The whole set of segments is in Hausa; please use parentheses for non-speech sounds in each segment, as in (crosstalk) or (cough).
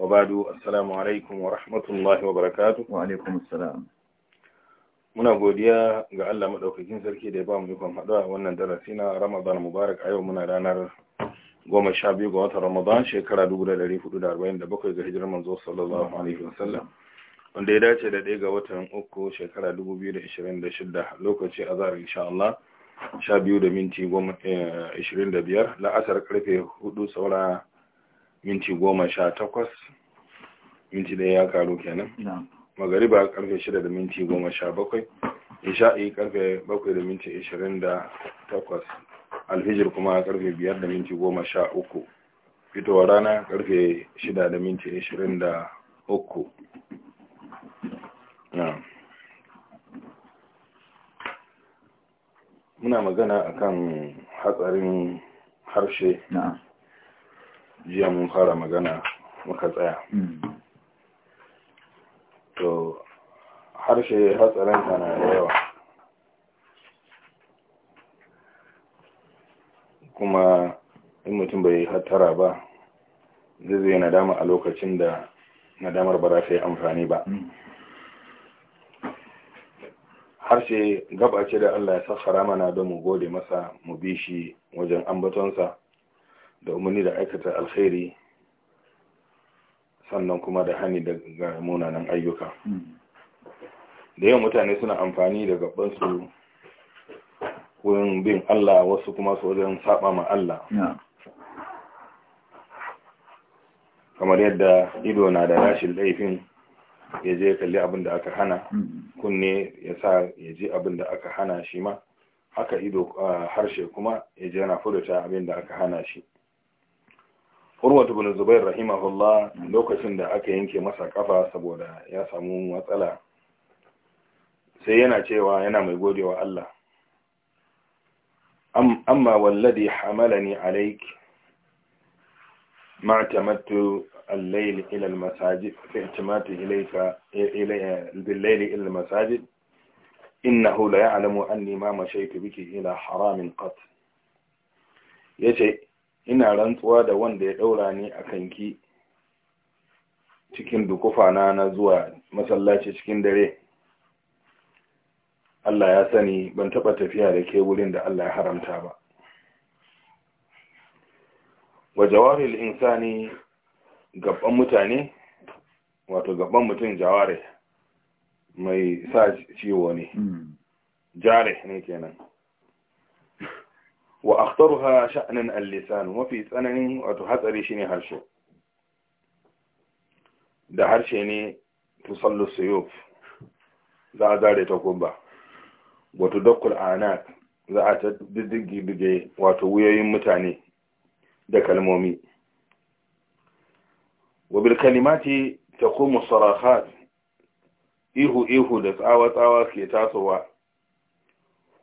alaikum wa rahmatullahi Wa الله wa alaikum assalam muna godiya ga Allah madaukakin sarki da ya ba mu ikon haɗuwa wannan darasi na Ramadan Mubarak a yau muna ranar goma sha biyu ga watan Ramadan shekara 1447 ga hijirar manzo sallallahu alaihi wasallam wanda ya dace da ɗaya ga watan uku shekara 2026 lokaci a zarar insha Allah sha biyu da minti 25 eh, la'asar karfe hudu saura minti goma sha takwas minti ɗaya ya karu kenan magariba karfe shida da minti goma sha bakwai isha'i karfe bakwai da minti ishirin da takwas alfijir kuma karfe biyar da minti goma sha uku fitowar rana karfe shida da minti ishirin da uku muna magana akan hatsarin harshe na'am jiya mun fara magana muka tsaya hmm. to harshe hatsarinta na da yawa kuma in mutum bai hattara ba zai zai nadama a lokacin da nadamar ba za ta yi amfani ba hmm. harshe gaba ce da Allah ya sassara mana don mu gode masa mu bi shi wajen ambatonsa da umarni da aikata alkhairi sannan kuma da hani daga munanan ayyuka da yawan mutane suna amfani da gabansu wurin bin Allah wasu kuma su wajen saba ma Allah kamar yadda ido na da rashin laifin ya je kalli abin da aka hana kunne ya sa ya ji abin da aka hana shi ma haka ido harshe kuma ya je yana furuta abin da aka hana shi Urwatu bin Zubair rahimahullah lokacin da aka yanke masa kafa saboda ya samu matsala sai yana cewa yana mai godewa Allah amma walladi hamalani alaik ma tamattu al-layl ila al-masajid fi ihtimati ilayka bil-layl ila al-masajid innahu la ya'lamu anni ma mashaytu biki ila haramin qat yace ina rantsuwa da wanda ya ɗaura ni a kanki cikin dukufa na na zuwa masallaci cikin dare Allah ya sani ban taɓa tafiya da ke wurin da Allah ya haramta ba wa jawaril insani gaban mutane wato gaban mutum jaware mai sa ciwo ne hmm. jare ne kenan وأخطرها شأنا اللسان وفي سنن وتحذر شني هرشو ده هرشيني تصل السيوف ذا دار تقوبا وتدق الأعناق ذا تدق بجي وتويي يمتاني ده كلمومي وبالكلمات تقوم الصراخات إيهو إيهو دفعوا تعوى كي تعطوا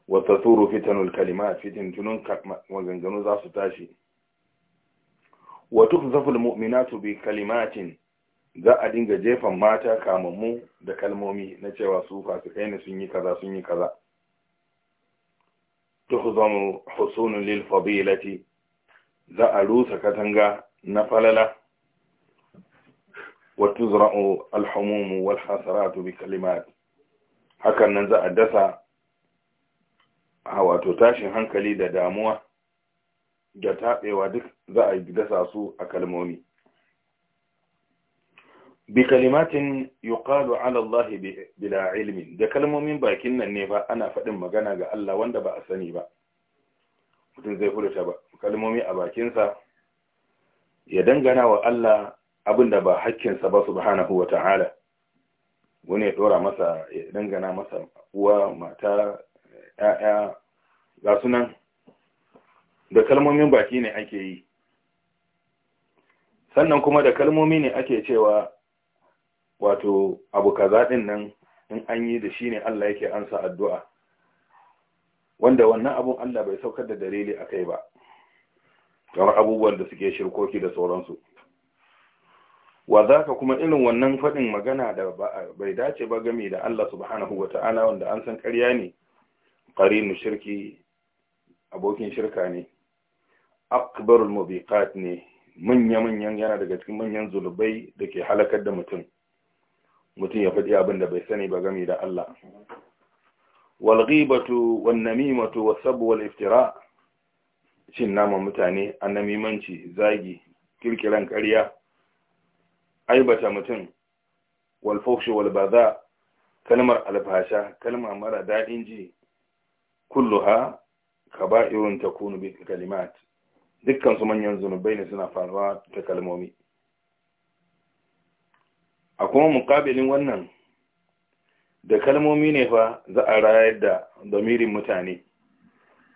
turu tasuru fitanul kalimat fitintunun maganganu za su tashi wa tukzaful mu'minatu bi kalimatin za a dinga jefan mata kamammu da kalmomi na cewa su fasikai ne sun yi kaza sun yi kaza tuhzamu husunun lil fadilati za a rusa katanga na falala wa tuzra'u alhamumu wal hasaratu bi kalimat hakan nan za a dasa a wato tashin hankali da damuwa da taɓewa duk za a dasa su a kalmomi bi kalimatin yuqalu ala Allah bila ilmi da kalmomin bakin nan ne ba ana faɗin magana ga Allah wanda ba a sani ba mutum zai furta ba kalmomi a bakinsa ya dangana wa Allah abinda ba hakkin sa ba subhanahu wa ta'ala wani ya dora masa ya dangana masa uwa mata ‘ya'ya ga sunan da kalmomin baki ne ake yi sannan kuma da kalmomi ne ake cewa wato abu kaza din nan in an yi da shi ne Allah yake ansa addu'a wanda wannan abun Allah bai saukar da dalili a kai ba kamar abubuwan da suke shirkoki da sauransu wa za ka kuma irin wannan faɗin magana da bai dace ba gami da Allah subhanahu wa ta'ala wanda an san ƙarya ne qarinu shirki abokin shirka ne aqbarul mubiqat ne manya-manyan yana daga cikin manyan zulubai da ke halakar da mutum mutum ya faɗi abin da bai sani ba game da Allah wal ghibatu wan namimatu was sabu wal iftira cin naman mutane annamimanci zagi kirkiran ƙarya aibata mutum wal wal baza kalmar alfasha kalma mara daɗin ji kulluha kaba'irun takunu bi kalimat dukkan su manyan zunubai ne suna faruwa ta kalmomi a kuma mukabilin wannan da kalmomi ne fa za a rayar da domirin mutane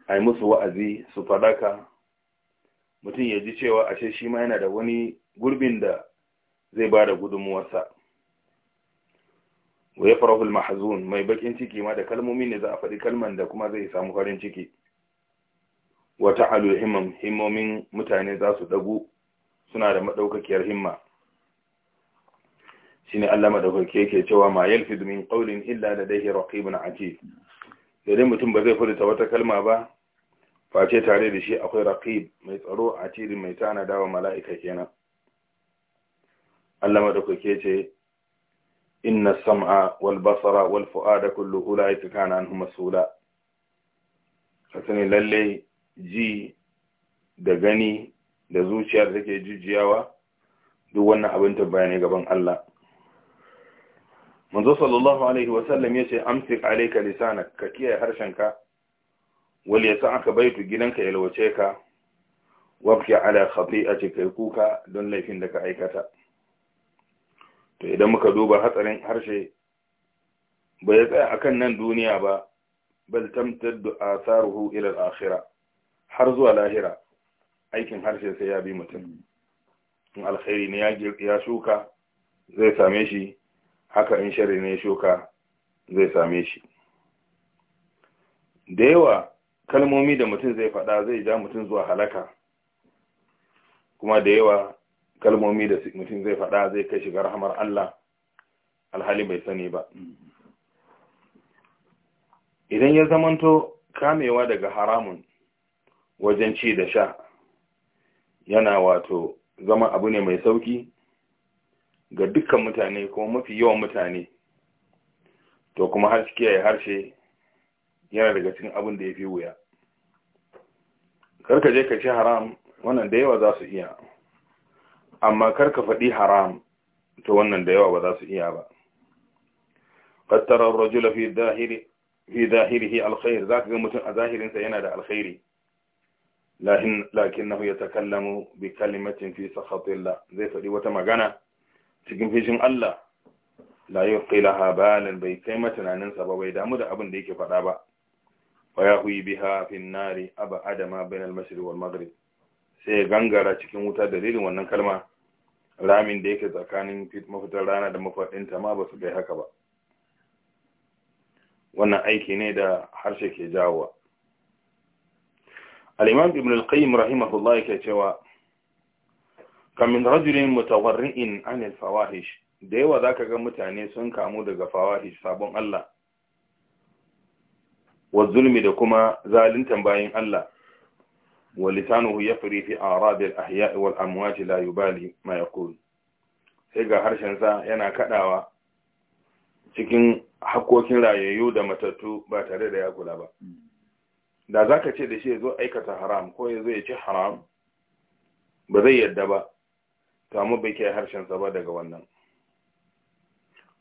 a yi musu wa'azi su fadaka mutum ya ji cewa ashe shi ma yana da wani gurbin da zai ba da gudunmuwarsa wa ya farahul mai bakin ciki ma da kalmomi ne za a faɗi kalman da kuma zai samu farin ciki wa ta'alu himam himmomin mutane za su dagu suna da madaukakiyar himma shine Allah madaukake yake cewa ma yalfid min qawlin illa ladayhi raqibun atid dai mutum ba zai furta wata kalma ba face tare da shi akwai raqib mai tsaro atid mai tana dawa mala'ika kenan Allah madaukake ce إن السمع والبصر والفؤاد كل أولئك كان عنه مسؤولا kasani lallai ji da gani da zuciya da take jujjiyawa duk wannan abin ta ne gaban Allah manzo sallallahu alaihi wasallam yace amsik alayka lisanak ka kiyaye harshenka wal yasa'aka baitu gidanka yalwace ka wabki a khati'atika kuka don laifin da ka aikata to idan muka duba hatsarin harshe bai ya tsaya akan nan duniya ba bal tamtaddu atharuhu ila al-akhirah har zuwa lahira aikin harshe sai ya bi mutum in alkhairi ne ya shuka zai same shi haka in shari ne ya shuka zai same shi da yawa kalmomi da mutum zai faɗa zai ja mutum zuwa halaka kuma da yawa kalmomi da mutum zai faɗa zai kai shiga rahamar Allah alhali bai sani ba idan ya zamanto kamewa daga haramun wajen ci da sha yana wato zama abu ne mai sauki ga dukkan mutane kuma mafi yawan mutane to kuma har kiyaye harshe yana daga cikin abin da ya fi wuya karka je ka ci haram wannan da yawa za su iya amma kar ka faɗi haram to wannan da yawa ba za su iya ba qad tara rajula fi dhahiri fi zahirihi zaka ga mutum a zahirinsa yana da alkhairi lakin lakinnahu yatakallamu bi kalimatin fi sakhatillah zai faɗi wata magana cikin fishin Allah la yuqilaha balan bai kai tunaninsa ba bai damu da abin da yake faɗa ba wa ya biha fi nari aba adama bain al-mashriq wal maghrib sai gangara cikin wuta dalilin wannan kalma ramin da yake tsakanin mafitar rana da mafaɗinta ma ba su kai haka ba wannan aiki ne da harshe ke jawowa al'imam ibn al-qayyim rahimahullah yake cewa kamin rajulin mutawarri'in anil fawahish da yawa za ka ga mutane sun kamu daga fawahish sabon Allah wa zulmi da kuma zalintan bayan Allah ولسانه يفري في أعراض الأحياء والأموات لا يبالي ما يقول sai ga harshensa yana kaɗawa cikin hakokin rayayyu da matattu ba tare da ya kula ba da za ka ce da shi ya zo aikata haram ko ya zo ya ci haram ba zai yadda ba kamu bai ke harshensa ba daga wannan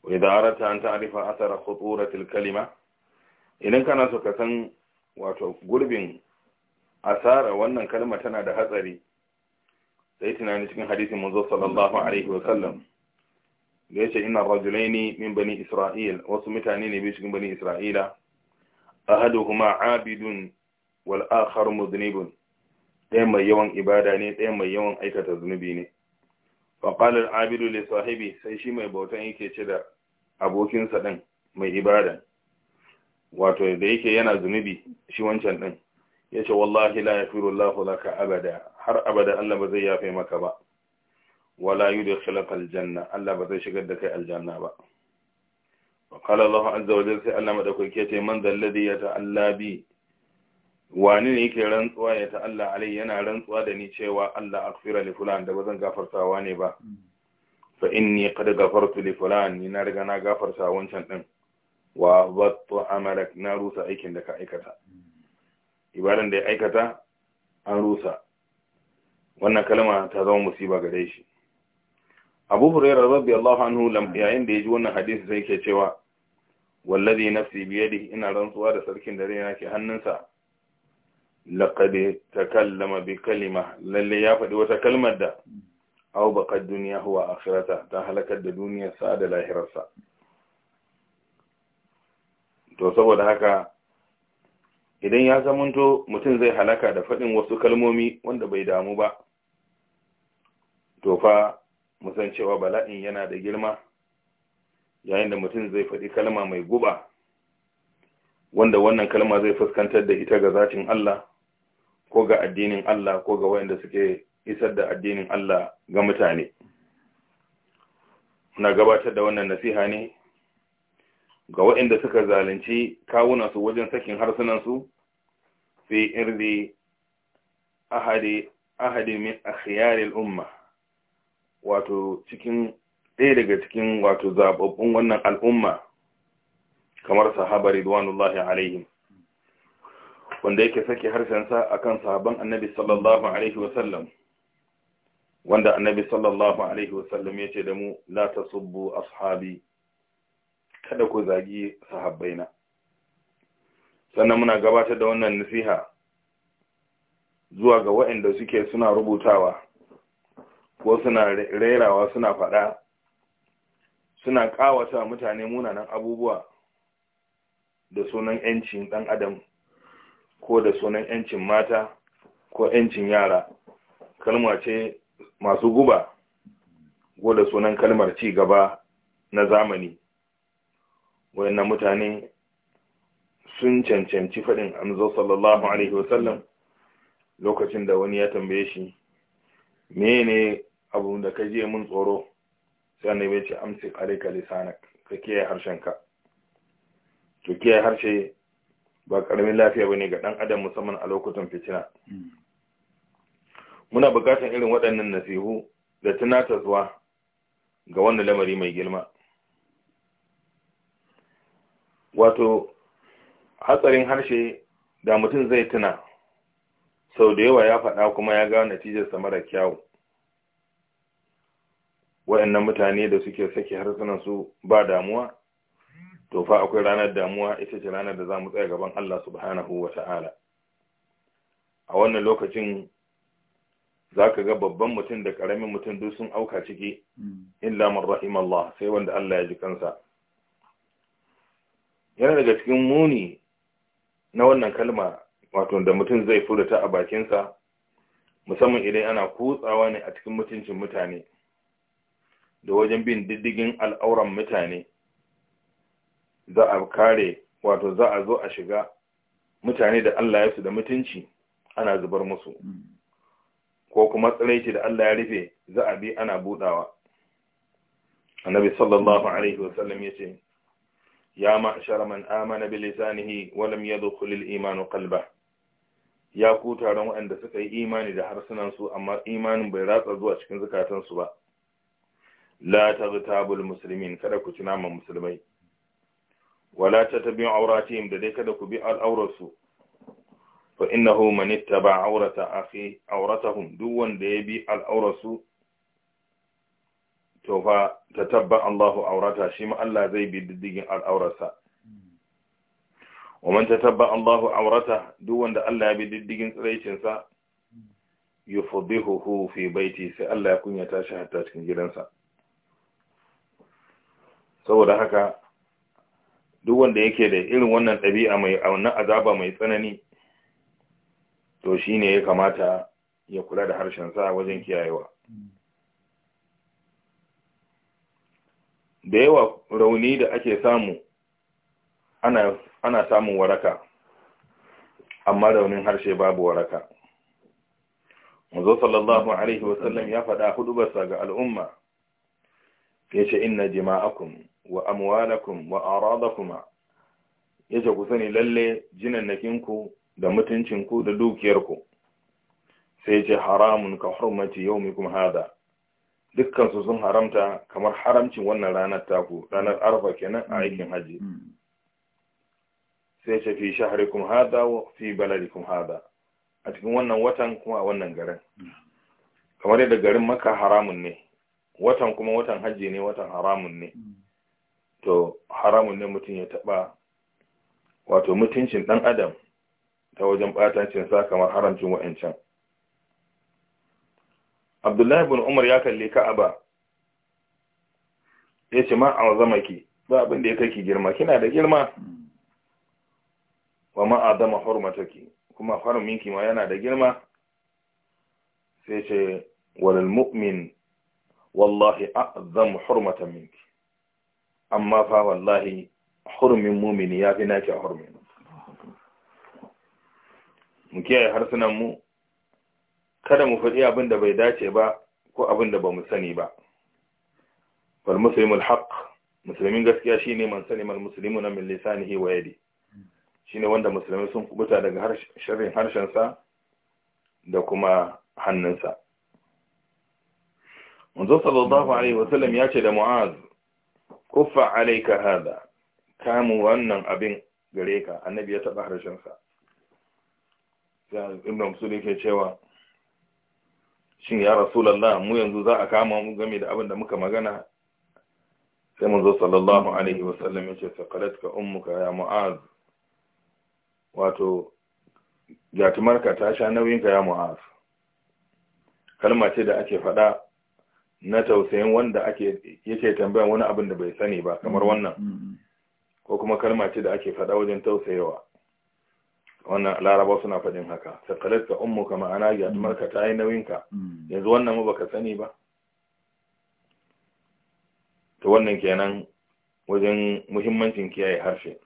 wai da arata an ta'arifa asara khutura kalima idan kana so ka san wato gurbin asara wannan kalma tana da hatsari sai tunani cikin hadisin manzo sallallahu alaihi wa sallam da yace inna rajulaini min bani isra'il wasu mutane ne biyu cikin bani isra'ila ahaduhuma abidun wal akhar mudnibun ɗaya mai yawan ibada ne ɗaya mai yawan aikata zunubi ne fa qala al abidu li sahibi sai shi mai bautan yake ce da abokinsa din mai ibada wato da yake yana zunubi shi wancan din ya ce wallahi la ya firu laka abada har abada Allah ba zai yafe maka ba wala yi da khilaka aljanna Allah ba zai shigar da kai aljanna ba wa kala Allah azza wa sai Allah madaukake ce man zalladhi ya ta'alla bi wani ne yake rantsuwa ya ta'alla alai yana rantsuwa da ni cewa Allah aghfira li fulan da bazan gafartawa ne ba fa inni qad ghafartu li fulan ni na riga na gafarta wancan din wa battu amalak na rusa aikin da ka aikata ibadan da ya aikata an rusa wannan kalma ta zama musiba ga gare shi abu hurairar rabbi allahu anhu hmm. yayin da ya ji wannan hadisi sai ke cewa wallazi nafsi da ina rantsuwa da sarkin da raina ke hannunsa laqad takallama bi kalima lalle ya faɗi wata kalmar da aw baqad dunya huwa akhirata ta halakar da duniyar sa da lahirarsa to saboda haka idan ya zamanto mutum zai halaka da faɗin wasu kalmomi wanda bai damu ba to fa musan cewa bala'in yana da girma yayin da mutum zai faɗi kalma mai guba wanda wannan kalma zai fuskantar da ita ga zatin Allah ko ga addinin Allah ko ga wayanda suke isar da addinin Allah ga mutane na gabatar da wannan nasiha ne ga waɗanda suka zalunci kawuna su wajen sakin harsunansu fi irzi ahadi min akhyaril umma wato cikin ɗaya daga cikin wato zaɓaɓɓun wannan al'umma kamar sahaba ridwanullahi alaihim wanda yake sake harshensa kan sahaban annabi sallallahu alaihi wasallam wanda annabi sallallahu alaihi wasallam ya ce da mu la tasubbu ashabi kada ku zagi sahabbaina sannan muna gabatar da wannan nasiha zuwa ga waɗanda suke suna rubutawa ko suna rerawa suna faɗa suna ƙawata mutane munanan abubuwa da sunan 'yancin ɗan adam ko da sunan 'yancin mata ko 'yancin yara kalma ce masu guba ko da sunan kalmar ci gaba na zamani wayannan mutane sun cancanci faɗin amzo sallallahu alaihi wasallam lokacin da wani ya tambaye shi mene abu da ka je mun tsoro sai annabi ya ce amsi alaika lisanak ka kiyaye harshenka to kiyaye harshe ba karamin lafiya bane ga dan adam musamman a lokutan fitina muna bukatan irin waɗannan nasihu da tunatarwa ga wannan lamari mai girma wato hatsarin harshe da mutum zai tuna sau da yawa ya faɗa kuma ya ga natijarsa mara kyau. waɗannan mutane da suke sake su ba damuwa to fa akwai ranar damuwa ita ce ranar da za mu tsaya gaban Allah subhanahu wa ta'ala a wannan lokacin za ka ga babban mutum da ƙaramin mutum duk sun auka ciki hmm. illa man rahim Allah sai wanda Allah ya ji kansa yana daga cikin muni na wannan kalma wato da mutum zai furta a bakinsa musamman idan ana kutsawa ne a cikin mutuncin mutane da wajen bin diddigin al'auran mutane za a kare wato za a zo a shiga mutane da Allah ya su da mutunci ana zubar musu ko kuma tsiraici da Allah ya rufe za a bi ana budawa annabi sallallahu alaihi wasallam yace يا معشر من آمن بلسانه ولم يدخل الإيمان قلبه ya ku taron waɗanda suka yi imani da su amma imanin bai ratsa zuwa cikin zukatansu ba la taghtabul muslimin kada ku ci naman musulmai wala tatabi'u auratihim da dai kada ku bi al'aurarsu fa innahu man ittaba aurata akhi auratahum duk wanda ya bi al'aurarsu to fa ta tabba Allahu aurata shi ma Allah zai bi diddigin al'aurarsa wanda Allah ya bi diddigin tsiraicinsa بددين تريشنسا fi baiti sai Allah ya يكون يتاشى hatta cikin gidansa saboda haka duk wanda yake da irin wannan ɗabi'a mai wannan azaba mai tsanani to shi ne ya kamata ya kula da harshen sa wajen kiyayewa da yawa rauni da ake samu ana, ana samun waraka amma raunin harshe babu waraka manzo sallallahu alaihi wasallam ya faɗa hudubarsa ga al'umma yace inna jima'akum wa amwalakum wa aradakum yace ku sani lalle jinannakinku da mutuncinku da dukiyarku sai yace haramun ka hurmati yawmikum hada dukkansu sun haramta kamar haramcin wannan ranar taku ranar arfa kenan a aikin haji mm. sai ce fi shaharikum hada fi kuma hada a cikin wannan watan kuma a wannan garin kamar yadda garin maka haramun ne watan kuma watan haji ne watan haramun ne mm. to haramun ne mutum ya taba wato mutuncin dan adam ta wajen batancin sa kamar haramcin wa'ancan abdullahi bin umar ya kalli ka'aba ya ce ma a zama ki ba abin ya kai ki girma kina da girma wa ma adama hurmataki kuma ki ma yana da girma sai ce walal mu'min wallahi a'zam hurmatan minki amma fa wallahi hurmin mumini yafi naki a hurmin mu kiyaye harsunan mu kada mu faɗi abin da bai dace ba ko abin da ba mu sani ba fal muslimul haqq musulmin gaskiya shine man mal al na min lisanihi wa yadi shine wanda musulmai sun kubuta daga sharrin harshen sa da kuma hannunsa manzo sallallahu alaihi sallam ya ce da mu'az kuffa alayka hada kamu wannan abin gare ka annabi ya taba harshen sa ya ibn musulmi ke cewa shin ya rasulallah mu yanzu za a kama mu game da abin da muka magana sai mun zo sallallahu alaihi wasallam ya ce saqalatka ummuka ya mu'az wato jatumarka ta sha ka ya mu'az kalma ce da ake faɗa na tausayin wanda ake yake tambayan wani abin da bai sani ba kamar wannan mm-hmm. ko kuma kalma ce da ake faɗa wajen tausayawa wannan laraba suna faɗin haka ummu ummuka ma'ana ya mm. marka ta yi nauyinka mm. yanzu wannan ma baka sani ba to wannan kenan wajen muhimmancin kiyaye harshe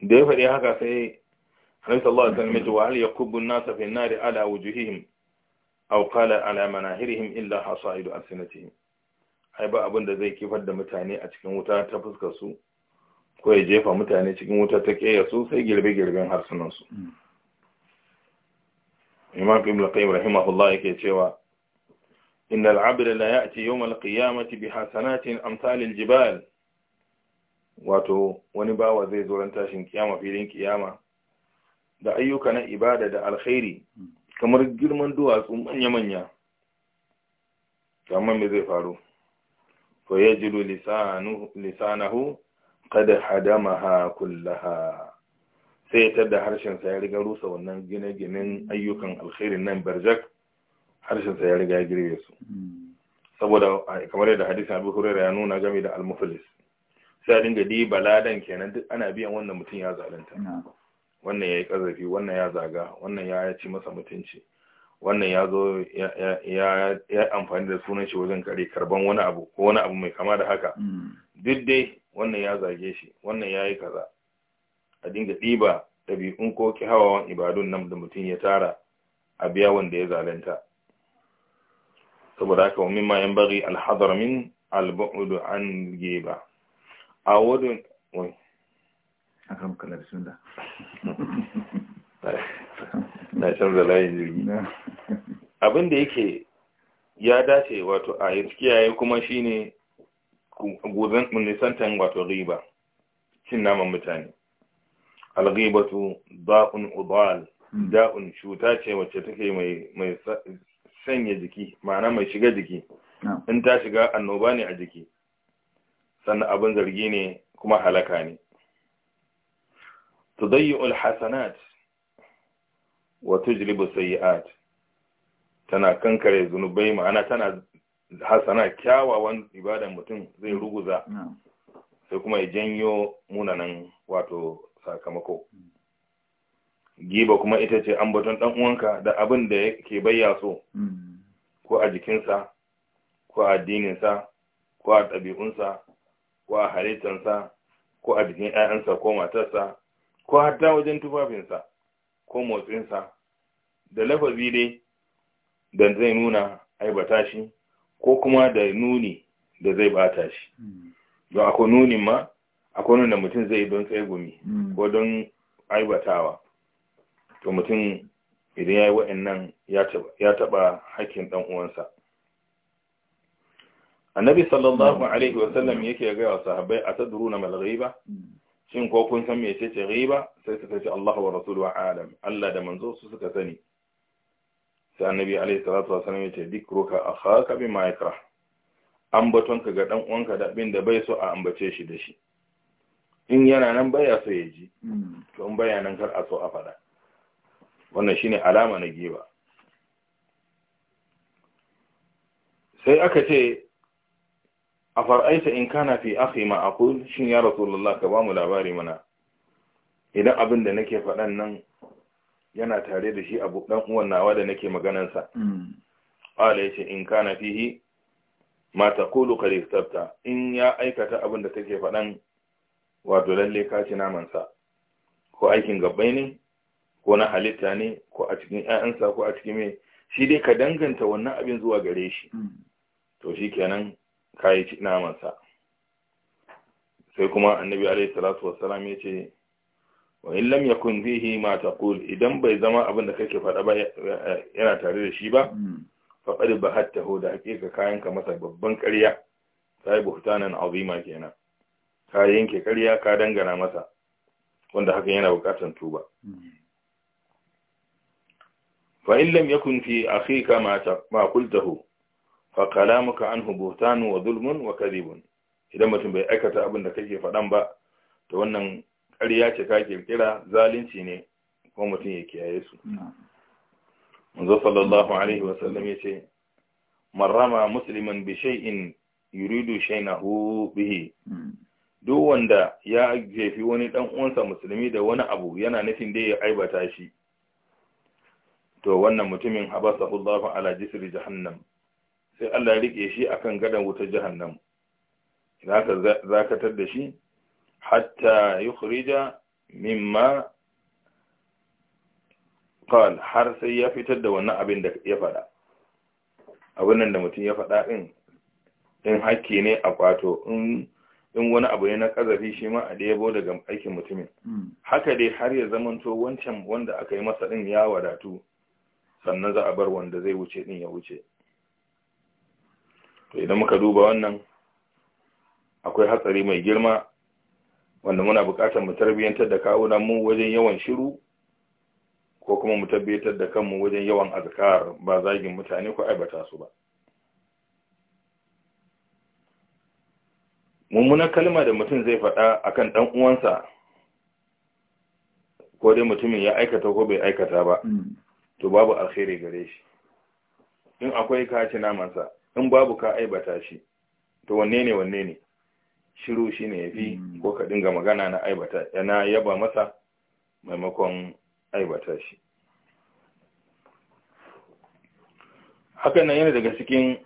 da ya faɗi haka sai Annabi sallallahu alaihi wasallam ya wa hal yakubbu an-nasa fi an-nari ala wujuhihim aw qala ala manahirihim illa hasaidu alsinatihim ai ba abin da zai kifar da mutane a cikin wuta ta fuskar su ko ya jefa mutane cikin wuta ta keya su sai girbe-girben harsunansu mm. imam ibn qayyim rahimahullah yake cewa innal abda la ya'ti yawm al-qiyamati bi hasanatin amsal al-jibal wato wani bawa zai zo ran tashin kiyama filin kiyama da ayyuka na ibada da alkhairi mm. kamar girman duwatsu manya-manya kamar me zai faru fa yajidu lisanahu kada hadamaha kullaha sai ta da harshen sa ya riga rusa wannan gine-ginen ayyukan alkhairin nan barjak sa ya riga ya girbe su saboda kamar yadda hadisin abu hurera ya nuna game da al-muflis sai a dinga di baladan kenan duk ana biyan wannan mutum ya zalunta wannan ya yi wannan ya zaga wannan ya ci masa mutunci wannan ya zo ya amfani da sunan shi wajen kare karban wani abu ko wani abu mai kama da haka hmm. duk dai wannan ya zage shi wannan ya yi kaza a dinga ɗiba ɗabi'un ko hawawan ibadun nan da mutum ya tara a biya wanda ya zalunta saboda haka wani ma yan bari alhazar min albu'udu an geba a wadun wai a kan na canza layin jirgi abin yake ya dace wato a yi kiyaye kuma shine nisantan wato riba cin naman mutane alghibatu da'un udal hmm. da'un cuta ce wacce take mai mai sanya jiki ma'ana mai shiga jiki in ta shiga annoba ne a jiki sannan abin zargi ne kuma halaka ne tudayyu alhasanat wa tujlibu sayi'at tana kankare zunubai ma'ana tana hasana kyawawan ibadan mutum zai ruguza sai kuma ya janyo munanan wato sakamako giba kuma ita ce ambaton dan uwanka da abin da yake bayya so mm. ko a jikinsa ko a addininsa ko a ɗabi'unsa ko a halittarsa ko a jikin 'ya'yansa ko matarsa ko hatta wajen tufafinsa ko motsinsa da lafazi dai da zai nuna aibata shi ko kuma da nuni da zai bata shi hmm. don akwai nunin ma akwai nuna mutum zai don tsegumi hmm. ko don aibatawa to mutum idan ya yi wa'annan ya taɓa hakkin ɗan'uwansa. uwansa annabi sallallahu hmm. alaihi wasallam yake ga wa sahabbai a taduru na malghiba shin ko kun san mece ce riba sai suka ce Allah wa rasuluhu adam Allah da manzo su suka sani sai annabi alaihi salatu wasallam yace dikruka akhaka bima yakrah ambaton ka ga dan uwanka da abin da bai so a ambace shi da shi in yana nan baya so ya ji hmm. to in baya nan kar a so a fada wannan shine alama na giba sai aka ce a far'aita in kana fi akhi ma aqul shin ya rasulullah ka ba mu labari mana idan abin da nake faɗan nan yana tare da shi abu dan uwan nawa da nake maganar sa mm. qala yace in kana fihi ma taqulu qad in ya aikata abin da take faɗan wato lalle ka ci naman sa ko aikin gabbai ne ko na halitta ne ko a cikin sa ko a cikin me shi dai ka danganta wannan abin zuwa gare shi mm. to shikenan ka yi ci naman sa sai kuma annabi alaihi salatu wassalam yace wa in lam yakun fihi ma taqul idan bai zama abin da kake faɗa ba yana tare da shi ba hmm. faqad bahattahu da hakika kayan ka masa babban ƙarya sai buhtanan azima kenan ka yanke ƙarya ka dangana masa wanda hakan yana buƙatar tuba hmm. fa in lam yakun fi akhika ma ma qultahu fa kalamuka anhu buhtan wa zulmun wa karibun idan mutum bai aikata abin da kake faɗan ba to wannan ƙarya ce ka kirkira zalunci ne kuma mutum ya kiyaye su manzo sallallahu alaihi wasallam ya ce marrama musliman bi shay'in yuridu shay'ahu bihi hmm. duk wanda ya jefi wani dan uwansa musulmi da wani abu yana nufin da ya aibata shi to wannan mutumin habasahu Allahu ala jisri jahannam sai Allah ya rike shi akan gadan wutar jahannam ka tar da shi hatta يخرج مما قال har sai ya fitar da wannan abin da ya faɗa abin nan da mutum ya faɗa din hakki ne a kwato in wani abu ne na kazafi shi ma a ɗebo daga aikin mutumin hmm. haka dai har ya zamanto wancan wanda aka yi masa ɗin ya wadatu sannan za a bar wanda zai wuce ɗin ya wuce to idan muka duba wannan akwai hatsari mai girma wanda muna buƙatar mu tarbiyyantar da kawunan mu wajen yawan shiru ko kuma mu tabbatar da kanmu wajen yawan azkar ba zagin mutane ko aibata su ba mummunan kalma da mutum zai faɗa akan kan uwansa ko dai mutumin ya aikata ko bai aikata ba mm. to babu alkhairi gare shi in akwai ka ci namansa in babu ka aibata shi to wanne ne wanne ne shiru ya fi mm. ko ka dinga magana na aibata yana yaba masa maimakon aibata shi hakan nan yana daga cikin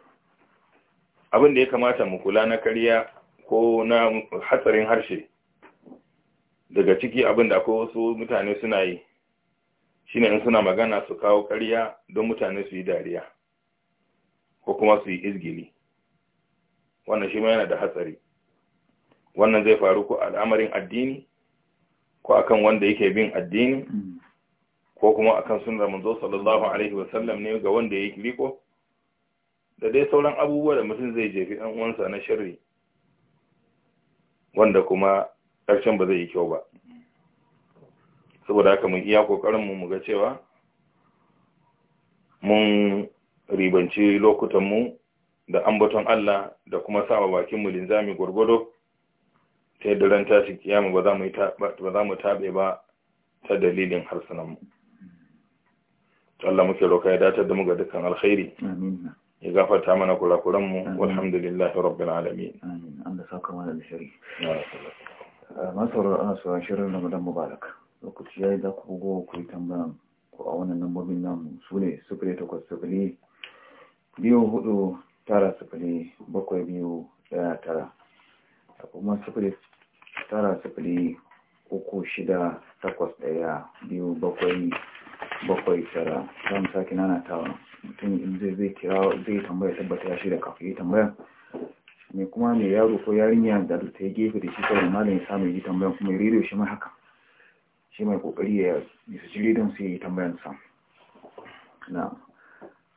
abin da ya kamata mu kula na kariya ko na hatsarin harshe daga ciki abin da akwai wasu mutane suna yi shine in suna magana su kawo kariya don mutane su yi dariya ko kuma su yi izgili wannan shi ma yana da hatsari wannan zai faru ko al'amarin addini ko akan wanda yake bin addini mm. ko kuma akan sunnar manzo sallallahu alaihi wasallam ne ga wanda yake riko da dai sauran abubuwa da mutum zai jefi ɗan uwansa na sharri wanda kuma ƙarshen ba zai yi kyau ba saboda haka mun iya kokarin mu ga cewa mun ribanci lokutan mu da ambaton Allah da kuma sawa bakin mu linzami gurgurdo ta yadda ran tashi kiyama ba za mu taɓe ba ta dalilin harsunanmu Allah muke roka ya datar da mu ga dukkan alkhairi ya gafarta mana kurakuranmu walhamdulillahi rabbil alamin amin Allah sauka mana da shiri eh, masu ana sauran shirin ramadan mubarak lokaci yayi za ku bugo ku yi tambayan ko a wannan lambobin namu su ne sufuri takwas sufuri biyu hudu tara sufuri bakwai biyu daya tara da kuma sufuri tara sufuri uku shida takwas ɗaya biyu bakwai bakwai tara za mu sake nanatawa mutum in zai zai kira zai tambaya tabbata ya shirya kafin "Yi tambaya Me, kuma me yaro ko yarinya da ta yi gefe da shi kawai malam ya samu yi tambayan kuma ya rediyo shi mai haka shi mai kokari ya su ci rediyon sai ya yi tambayan sa na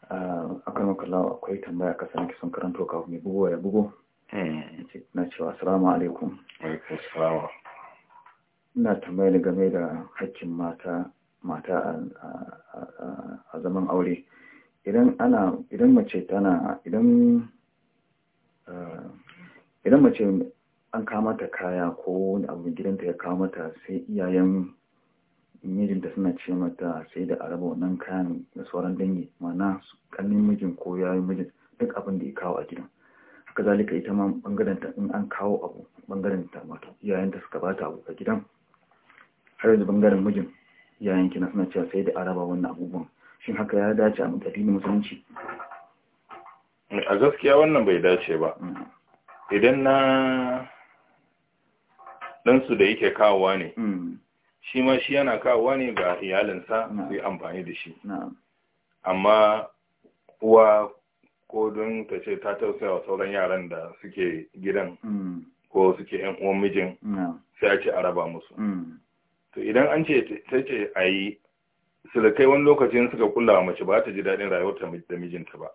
ah, akan wakala akwai tambaya kasa nake kisan karanto kafin mai bugo ya bugo Eh, na cewa assalamu alaikum ina tambayar game da hakkin mata mata a zaman aure idan ana idan mace tana idan eh, idan mace an kamata kaya ko wani abu gidanta ya kawo mata sai iyayen mijinta suna ce mata sai da araba wannan kayan da sauran dangi mana kannin mijin ko yayin mijin duk abin da ya kawo a gidan kazalika ita ma bangaren ta in an kawo abu bangaren ta mata yayin da suka bata abu a gidan har yanzu bangaren mijin yayin kina suna cewa sai da araba wannan abubuwan shin haka ya dace a addinin musulunci eh, a gaskiya wannan bai dace ba mm. idan na ɗansu da yake kawowa ne mm. shi ma shi yana kawowa ne ga iyalinsa mm. su yi amfani da shi amma uwa ko don ta ce ta tausaya wa sauran yaran da suke gidan mm. ko suke yan uwan mijin mm. sai a ce a raba musu mm. to idan an ce ta ce a yi sulukai wani lokacin suka kulla wa mace ba ta ji daɗin rayuwar da mijinta ba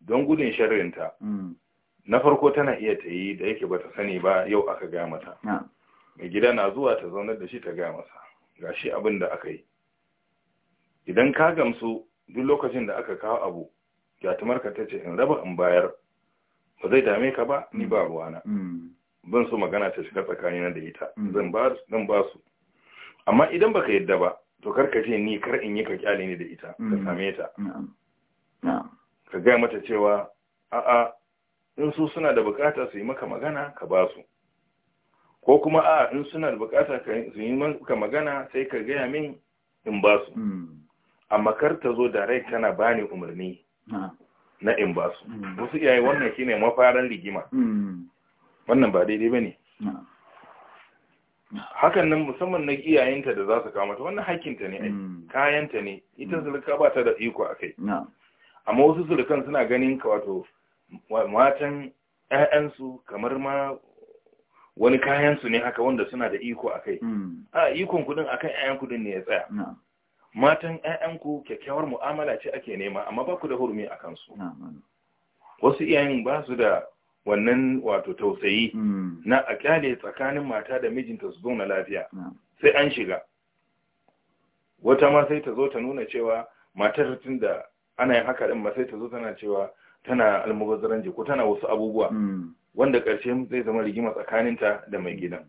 don gudun sharrinta na farko tana iya ta yi da yake bata sani ba yau aka gaya mata mai gida na zuwa ta zaunar da shi ta gaya masa ga shi abin da aka yi idan ka gamsu duk lokacin da aka kawo abu gyatumarka ta ce in raba in bayar ba zai dame ka ba ni ba ruwana mm. ban so magana ta shiga tsakanina da ita mm. zan ba su amma idan baka yadda ba to karka ce ni kar in yi ka kyale ni da ita ka mm. same ta ka gaya mata cewa a'a in su suna da bukata su yi maka magana ka ba su ko kuma A'a, in suna da bukata su yi maka magana sai ka gaya min in ba su amma kar ta zo direct tana bani umarni na in ba su wasu iyaye wannan shine mafaran rigima hmm. wannan ba daidai ba ne. Hmm. hakan nan musamman na iyayenta da za su kama ta wannan hakinta ne hmm. kayanta ne ita zulka ba ta da iko a kai. amma wasu zulukan suna ganin ka wato matan ƴaƴansu kamar ma wani kayansu ne haka wanda suna da iko a kai. a ikon kudin akan ƴaƴan kudin ne ya tsaya matan 'ya'yanku kyakkyawar mu'amala ce ake nema amma ba ku da hurumi a kansu wasu iyayen ba su da wannan wato tausayi hmm. na a kyale tsakanin mata da mijinta su zauna lafiya sai an shiga wata ma sai ta zo ta nuna cewa matar tun da ana yin haka din ba sai ta zo tana cewa tana almubazzaran ko tana wasu abubuwa hmm. wanda ƙarshe zai zama rigima tsakaninta da mai gidan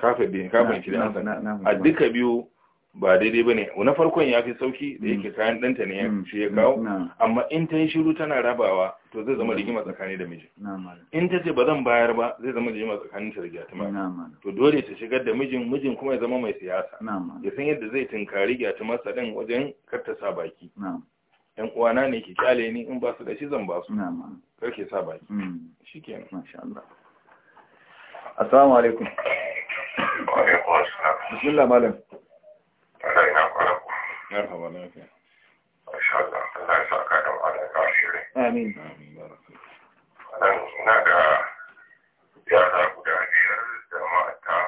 kafa biyu kafa a duka biyu ba daidai ba ne na farkon ya fi sauki da yake mm. kayan ɗanta ne mm. shi ya kawo mm. amma in ta yi shiru tana rabawa to zai zama rigima tsakani da miji in ta ce ba zan bayar ba zai zama rigima tsakanin ta tuma to dole ta shigar da mijin mijin kuma ya zama mai siyasa ya san yadda zai tunkari sa ɗin wajen karta sa baki yan uwana ne ke kyale ni in ba su da shi zan ba su karke sa baki shi ke masha Allah assalamu alaikum bismillah malam مرحبا لك شكرا الله يسعدك على كاشيري امين امين بارك الله نادى yara guda biyar da mata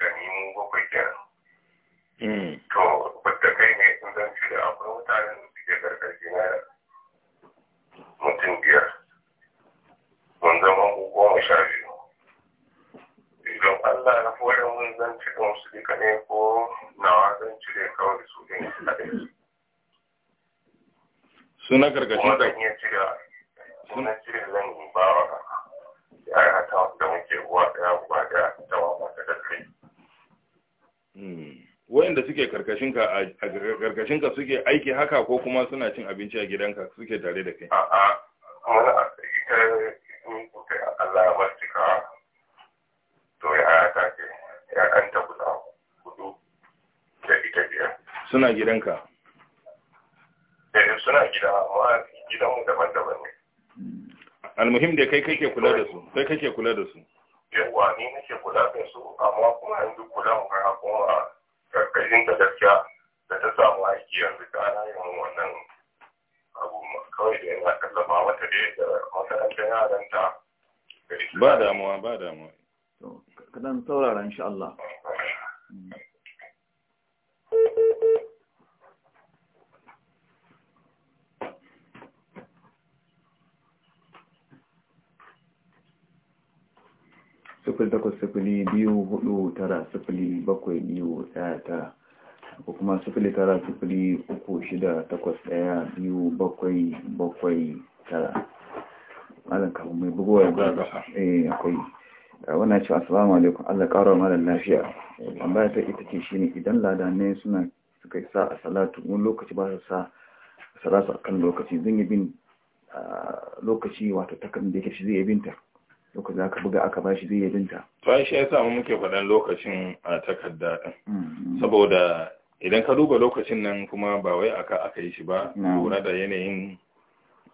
da nimu bakwai kenan. To, wadda kai ne in zan ce da akwai mutanen da suke gargaji na mutum biyar. Mun zama don Allah na wurin zan cire musu duka ne ko nawa zan cire kawai su ne kaɗai. Suna gargashin da? iya cire suna cire zan ba wa yara ta da muke uwa ɗaya uba ɗaya ta wa mata da kai. Hmm. Wayanda suke karkashinka a karkashinka suke aiki haka ko kuma suna cin abinci a gidanka suke tare da kai? A'a suna gidanka eh, suna gida amma gidanmu daban-daban ne almuhim da kai kake kula da su kai kake kula da su yawa ni nake kula da su amma kuma yanzu kula mu ga kuma karkashin ta gaskiya da ta samu aiki yanzu ta ana yin wannan abu kawai da yana kallama wata dai da makarantar yaran ta ba damuwa ba damuwa kadan saurara insha Allah masu fili tara sifili uku shida takwas ɗaya biyu bakwai bakwai tara malam kafin mai bugowa ya zaga eh akwai wani ce assalamu alaikum Allah ƙara wa malam lafiya eh, tambaya ta ita ce shine idan ladane suna suka sa a salatu wani lokaci ba su sa salatu akan lokaci zan yi bin lokaci wato takan da yake shi zai binta lokacin aka buga aka bashi zai yi binta to shi ya samu muke faɗan lokacin a takarda mm-hmm. saboda idan ka duba lokacin nan kuma ba wai aka aka yi shi ba lura da yanayin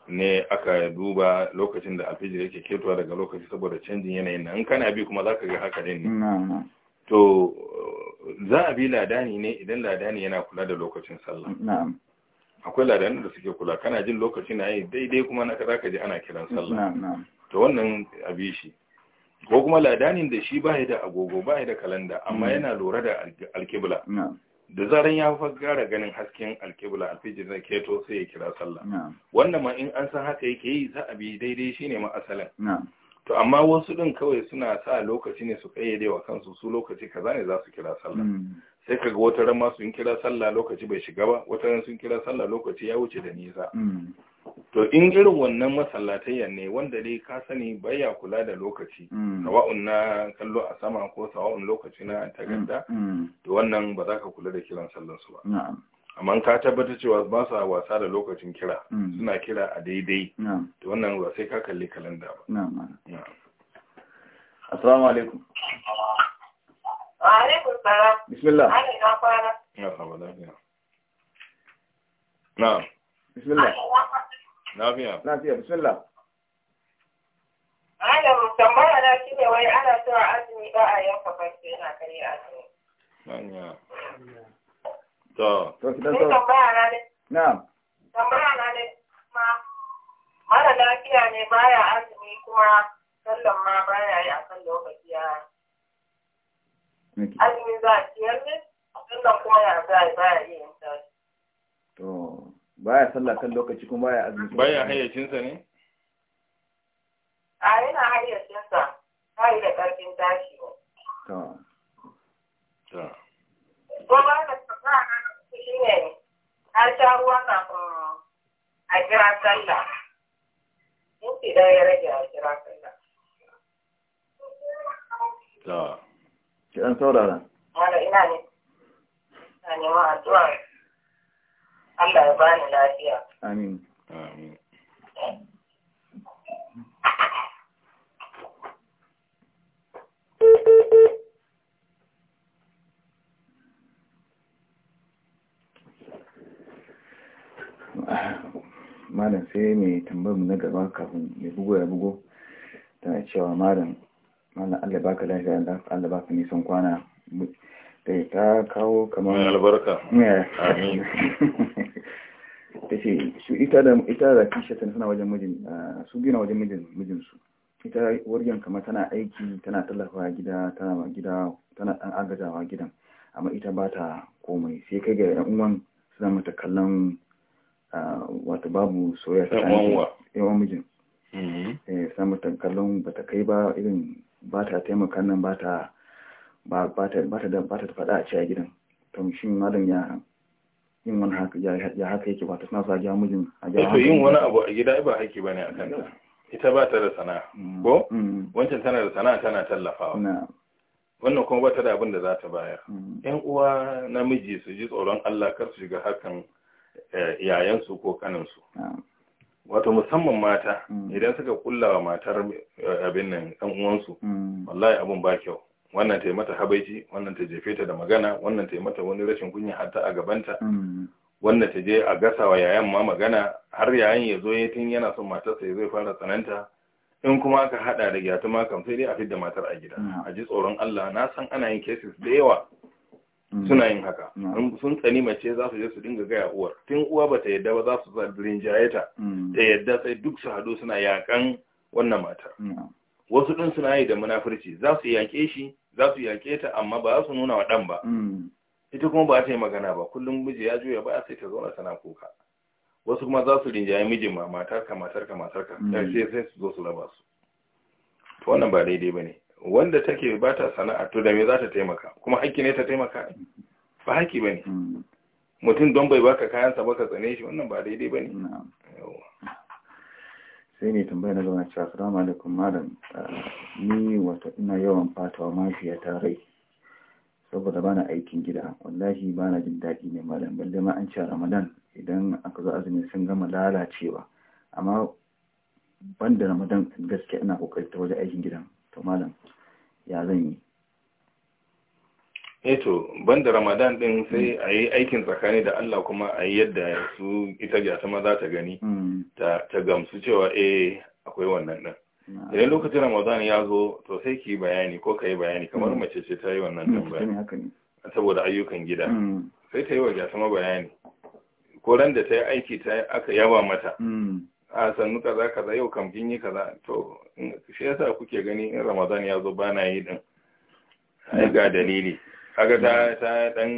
ne aka duba lokacin da alfijir yake ketowa daga lokaci saboda canjin yanayin nan kana bi kuma zaka ga haka ne to za a bi ladani ne idan ladani yana kula da lokacin sallah akwai ladani da suke kula kana jin lokacin na yi daidai kuma na ka ji ana kiran sallah to wannan abi shi ko kuma ladanin da shi ba da agogo ba da kalanda amma mm. yana lura da alkibla da zaran ya gara ganin hasken alkibla alfijir na keto sai ya kira sallah wannan ma in an san haka yake yi za a bi daidai shine ma asalin to amma wasu din kawai suna sa lokaci ne su kayyade wa kansu su lokaci kaza ne za su kira sallah hmm. sai kaga wata ran ma sun kira sallah lokaci bai shiga ba wata ran sun kira sallah lokaci ya wuce da nisa hmm. to in irin wannan masallatayya ne wanda dai ka sani baya kula da lokaci mm. sawa'un na kallo a sama ko sawa'un lokaci na tagadda mm. mm. to wannan ba za ka kula da kiran sallar su ba amma ka tabbata cewa ba sa wasa da lokacin kira suna kira a daidai to wannan ba sai ka kalli kalanda ba assalamu alaikum wa alaikum salam bismillah na kwana na bismillah lafiya lafiya bismillah Malam tambaya na shi ne wai ana a azumi ba a yanka farce yana kare azumi. Anya. To. To ki dan tambaya na ne. Na'am. Tambaya na ne ma mara lafiya ne baya azumi kuma sallan ma baya yi akan lokaci ya. Azumi za a ciyar ne? Sallan kuma ya za a baya yin in tashi. To. baya sallah kan lokaci kuma baya azumi baya hayyacinsa ne a yana hayyacinsa sai da karfin tashi to to ko ba da tsaka shi ne har ta ruwa kafin a kira sallah mutu da ya rage a kira sallah to ki an saurara wala ina ne ina neman addu'a Allah ya bani lafiya. Amin. Amin. malam sai mai tambar mu na gaba kafin mai bugo ya bugo tana cewa malam malam Allah baka lafiya Allah baka nisan kwana eh ta kawo kamar albarka eh. amin (laughs) ta ce ita da ita da tana suna wajen mijin su biyu na wajen mijin mijin su ita wargen kamar tana aiki tana tallafawa gida tana gida tana dan agajawa gidan amma ita ba ta komai sai kai ga 'yan'uwan uwan suna mata kallon wato babu soyayya mm-hmm. eh, ta yawan mijin eh suna mata kallon ta kai ba irin ba ta taimaka nan ba ta ba ta da faɗa a ci a gidan to shi malam ya yin wani haka ya haka yake ba ta suna sa ja mijin a ja haka yin wani abu a gida ba haƙi bane a kanta ita ba ta da sana'a mm, ko mm. wancan tana da sana'a tana tallafawa wannan kuma ba ta da abin da za ta bayar mm. yan uwa namiji su ji tsoron Allah kar su shiga hakan eh, yayansu ko kaninsu wato musamman mata idan suka kulla wa matar eh, abin nan ɗan uwansu wallahi abin ba kyau wannan ta yi mata habaici wannan ta jefe ta da magana wannan ta yi mata wani rashin kunya hatta a gabanta mm. wannan ta je a gasa wa yayan ma magana har yayan ya zo ya tun yana son matarsa ya zai fara tsananta in kuma aka hada da gyatu ma kam sai dai a da matar a gida mm. a ji tsoron Allah na san ana yin cases da yawa mm. suna yin haka sun tsani mace za su je su dinga gaya uwar tun uwa ba ta yadda ba za su rinjaye ta ta yadda sai duk su hadu suna yakan wannan matar wasu din suna yi da munafurci za su yake shi za su yaƙe ta amma ba za su nuna wa ɗan ba mm. ita kuma ba ta yi magana ba kullum miji ya juya ba sai ta zauna tana kuka wasu kuma za su rinjaye mijin ma matarka matarka matarka mm. ƙarshe sai su zo su raba su to wannan ba daidai ba ne wanda take ba ta sana'a to da me za ta taimaka kuma hakki ne ta taimaka ba haƙƙi ba ne mm. mutum don bai baka kayansa ba ka tsane shi wannan ba daidai ba ne sai ne tambaya na zama cewa salamu alaikum malam eh, ni wata ina yawan fatawa mafiya ta rai saboda bana aikin gida wallahi bana jin daɗi ne malam balle ma an ce ramadan idan aka zo azumi sun gama lalacewa amma ban da ramadan gaske ina kokari ta wajen aikin gidan to malam ya zan yi eto eh ban da ramadan ɗin sai mm. a yi aikin tsakani da Allah kuma a yi yadda su ita ta za ta gani mm. ta gamsu cewa e akwai wannan din idan lokacin ramadan ya zo to sai ki bayani ko ka yi bayani kamar mm. mace ce ta yi wannan bayani. saboda ayyukan gida sai ta yi wa gyatama bayani ko ran da ta yi aiki ta aka yaba mata a sannu kaza kaza yau kam kin yi kaza to shi yasa kuke gani in ramadan ya zo bana yi din ai ga dalili kaga ta ta dan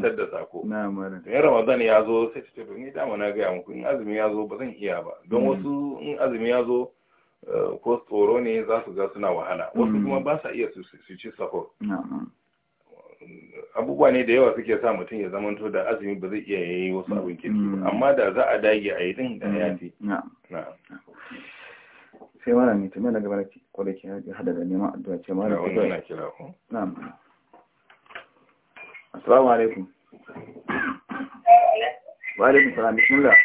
fitar da sako na'am to in ramadan ya zo sai ta ce to ni mu na gaya muku in azumi ya zo ba zan iya ba don mm. wasu in azumi ya zo eh, ko tsoro ne za su ga suna wahala wasu mm. kuma ba sa iya su ci sahur abubuwa ne da yawa suke sa mutum ya zamanto da azumi ba zai iya yayi wasu mm. abin kirki ba amma da za a dage a yi din da ya fi sai mara ne tumai na baraki ko da ke hada da neman addu'a ce mara ko na kira ko na'am Assalamu alaikum. Wa alaikum salam bismillah.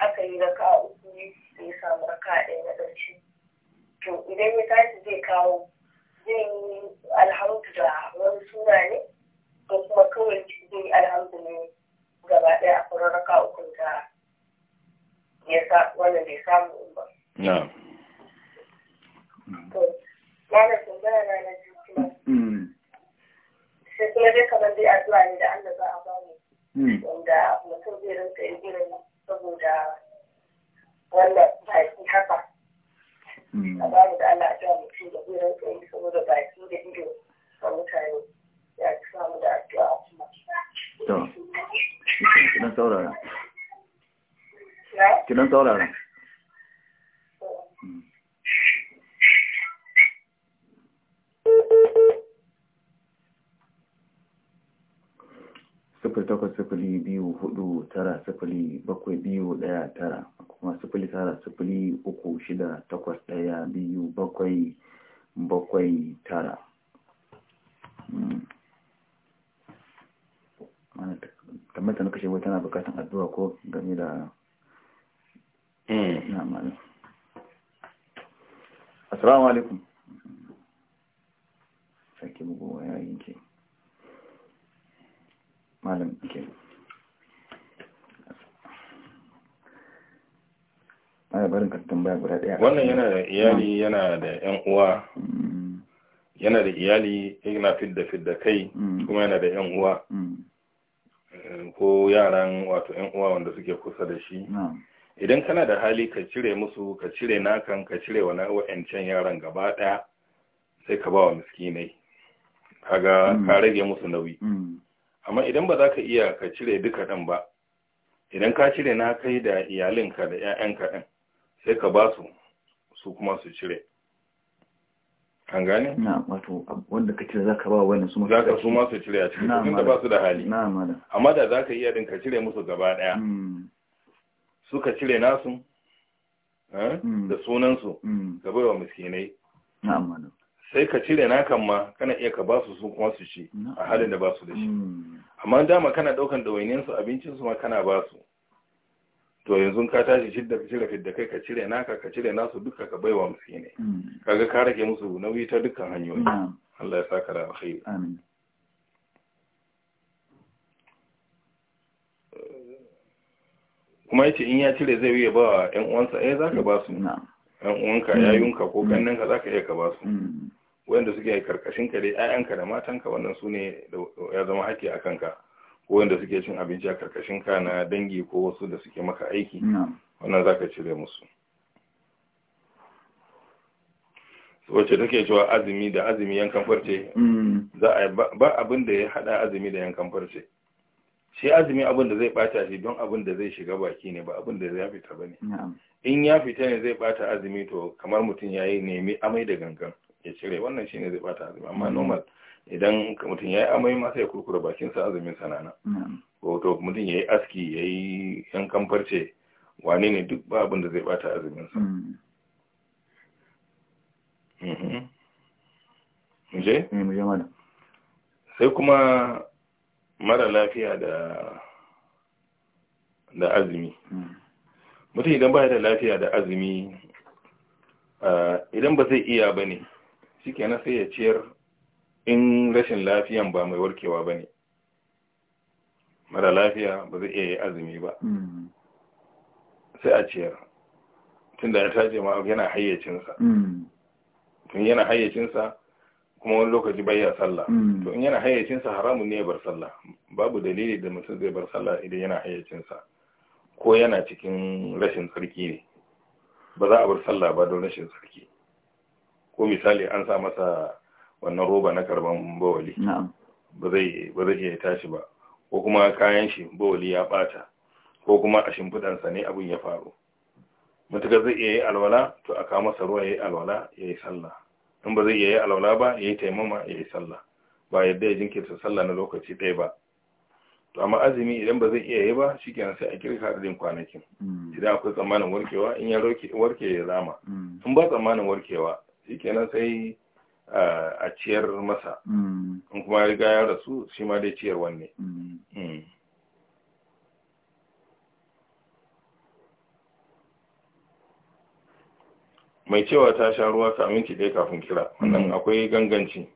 aka yi raka uku ya samu raka ɗaya na ƙarshe to idan ya tashi zai kawo zai yi alhamdu da samu ba. takwas ɗaya biyu bakwai bakwai tara kamar hmm. ta kashe wata na bukatan addu'a ko game da eh. na malam assalamu alaikum yana da yan uwa mm. yana da iyali yana fidda fidda kai mm. kuma yana da yan uwa mm. eh, ko yaran wato yan uwa wanda suke kusa da shi idan kana da hali ka cire musu ka cire nakan ka cire wa wa'ancan yaran gaba ɗaya, sai ka ba wa miskinai kaga ka rage musu nauyi amma idan ba za ka iya ka cire duka ɗan ba idan ka cire na kai da iyalinka da 'ya'yanka ɗin sai ka ba su su kuma su cire an gane? na wato wanda ka cire za ka ba wani su masu za ka su masu cire a cikin kudin da ba su da hali Na amma da za ka iya din ka cire musu gaba Su mm. suka cire nasu eh, mm. da sunansu mm. ka bai wa miskinai sai ka cire nakan ma kana iya ka ba su su kuma su ci a halin da ba su da shi amma dama kana da dawainiyarsu abincinsu ma kana ba su to yanzu ka tashi shidda ka cire fidda kai ka cire naka ka cire nasu duka ka baiwa ne mm. kaga ka rage musu nauyi ta dukkan hanyoyi Allah ya saka da alkhairi amin kuma yace in ya cire zai yi ba ƴan uwansa eh zaka ba su na ƴan uwanka yayunka ko mm. ka zaka iya ka ba su mm. wanda suke karkashin ka dai ƴaƴanka da matanka wannan sune ya zama haƙƙi akan ka wanda suke cin abinci a karkashin ka na dangi ko wasu da suke maka aiki wannan zaka cire musu wacce take cewa azumi da azumi yankan farce mm. za a ba abin da ya hada azumi da yankan farce shi azumi abin da zai bata shi don abin da zai shiga baki ne ba abin da ya fita bane in ya fita ne zai bata azumi to kamar mutum yayi nemi amai da gangan ya cire wannan shine zai bata azumi amma normal idan mutum ya yi amai ma sai ya kurkura bakinsa azumin sanana ko to mutum ya yi aski ya yi yan kamfarce wane ne duk ba abin da zai bata azumin sa hmm. mhm. je? Eh, sai kuma mara lafiya da da azumi hmm. mutum idan ba da lafiya da azumi ah, idan ba zai iya ba ne shikenan sai ya ciyar in rashin lafiyan ba mai warkewa ba ne mara lafiya ba zai iya yi azumi ba mm. sai a ciyar tun da ya taje ma yana hayyacinsa tun mm. yana hayyacinsa kuma wani lokaci bai ya sallah mm. to in yana hayyacinsa haramun ne ya bar sallah babu dalili da mutum zai bar sallah idan yana hayyacinsa ko yana cikin rashin tsarki ne ba za a bar sallah ba don rashin tsarki ko misali an sa masa wannan roba na karban bawali ba zai iya tashi ba ko kuma kayan shi bawali ya bata ko kuma a shimfidansa ne abin ya faru matuka zai iya yi alwala to a kawo masa ruwa ya yi alwala ya yi sallah in ba zai iya yi alwala ba ya yi taimama ya yi sallah ba yadda ya jinkirta sallah na lokaci ɗaya ba to amma azumi idan ba zai iya yi ba ke sai a kirka adadin kwanakin mm. idan akwai tsammanin warkewa in ya warke ya zama. Mm. in ba tsammanin warkewa shikenan sai a ciyar masa mm. in kuma riga ya rasu shi ma dai ciyar wanne mm. mm. mai cewa ta sha ruwa ta aminci ɗaya kafin kira wannan akwai ganganci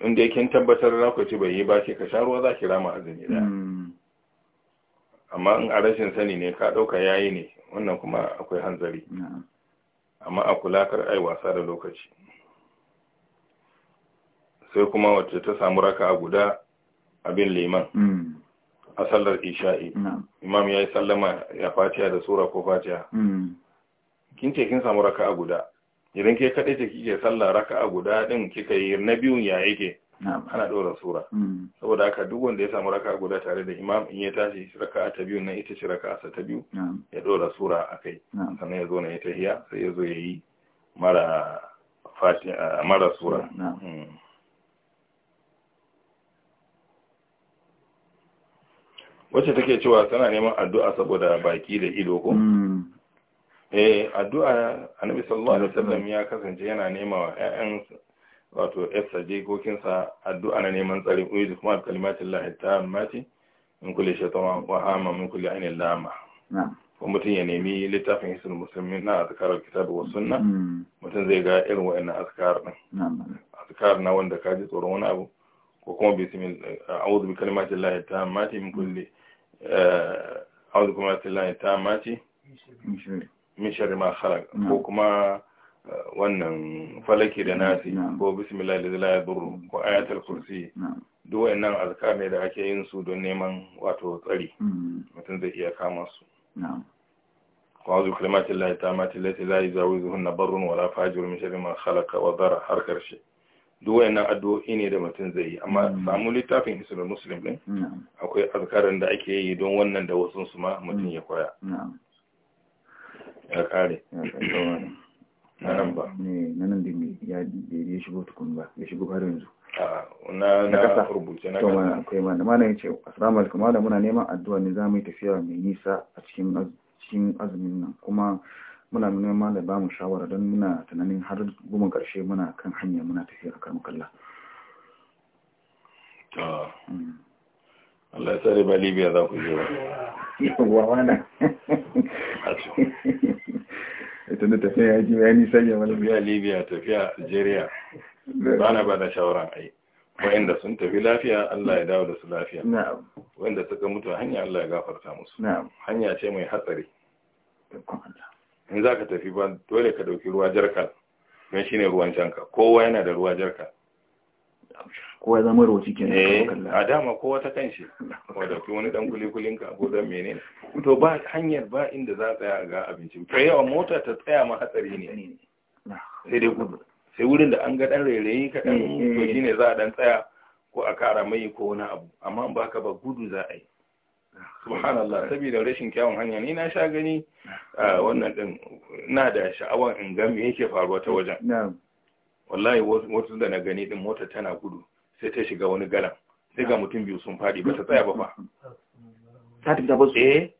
inda yake tabbatar rakwaci bai yi ba ke ka sha ruwa za ki rama azumi da amma in a rashin sani ne ka ɗauka yayi ne wannan kuma akwai hanzari amma a kula kar ai wasa da lokaci sai kuma wacce ta samu raka guda abin liman hmm. a sallar isha'i imam ya yi sallama ya fatiya da sura ko fatiya hmm. kin ce kin samu raka guda idan ke kaɗai ce kike sallar raka guda ɗin kika yi na biyun ya yake ana ɗora sura hmm. saboda haka duk wanda ya samu raka guda tare da imam in ya tashi raka ta biyu na ita ce raka ta biyu ya ɗora sura a kai sannan ya zo na ya hiya sai ya zo ya yi mara mara sura hmm. wacce take cewa tana neman addu'a saboda baki da ido ko hmm. eh addu'a annabi sallallahu alaihi wasallam ya kasance yana nema wa ƴaƴan wato yarsa jikokinsa addu'a na neman tsari uyi da kuma kalimatin lahi ta mati in kulle shaitama wa hama min kulle ainihin lama ko mutum ya nemi littafin isin musulmi na azkarar kitabu wa sunna hmm. mutum zai ga irin wa'annan azkar din azkar na wanda ka ji tsoron wani abu ko kuma bismil a'udhu bi kalimatin lahi ta mati min kulle eh, a'udhu bi kalimatin lahi ta mati min shari ma khalaq ko kuma wannan falaki da nasi ko bismillah da zila duru ko ayatul kursi duk nan azkar ne da ake yin su don neman wato tsari hmm. mutum zai iya kama su wa'azu kalimatin lai ta mati lati la yuzawizuhunna barun wala fajirun min sharri ma khalaqa wa dhara har karshe duk nan addu'o'i ne da mutum zai yi amma hmm. samu littafin islam muslim din akwai azkarin da ake yi don wannan da wasu su ma mutum ya hmm. koya ya kare na nan ba eh, na nan din ya ya shigo tukun ba ya shigo har yanzu na na rubuce na kasa akwai ma ma nan yace assalamu alaikum malam muna neman addu'a ne za mu yi tafiya mai nisa a cikin cikin azumin nan kuma muna neman da ba mu shawara don muna tunanin har goma karshe muna kan hanya muna tafiya a karmakalla to mm. Allah ya tsare ba Libya za ku je ba. (laughs) (laughs) ita da tafiya ya ji ya nisa ya wani tafiya libya tafiya algeria ba na ba da shawaran ai wa'inda sun tafi lafiya Allah ya dawo da su lafiya wa'inda suka mutu hanya Allah ya gafarta musu hanya ce mai hatsari in za ka tafi ba dole ka ɗauki ruwa jarkal don shi ne ruwan janka kowa yana da ruwa jarkal ko ya zama roci ke ne a dama kowa ta kan shi ko wani dan kulikulin ka ko zan menene to ba hanyar ba inda za tsaya ga abincin to yawa mota ta tsaya ma hatsari ne sai dai gudu sai wurin da an ga dan rairayi kaɗan eh, to eh. ne za a dan tsaya ko a kara mai ko wani abu amma ba ka ba gudu za a yi subhanallah saboda rashin kyawun hanya ni na sha gani wannan din na da sha'awan in ga me yake faruwa ta wajen wallahi wasu da na gani din mota tana gudu sai ta shiga wani galan sai ga mutum biyu sun faɗi ba ta tsaya ba fa ta tafi ta basu eh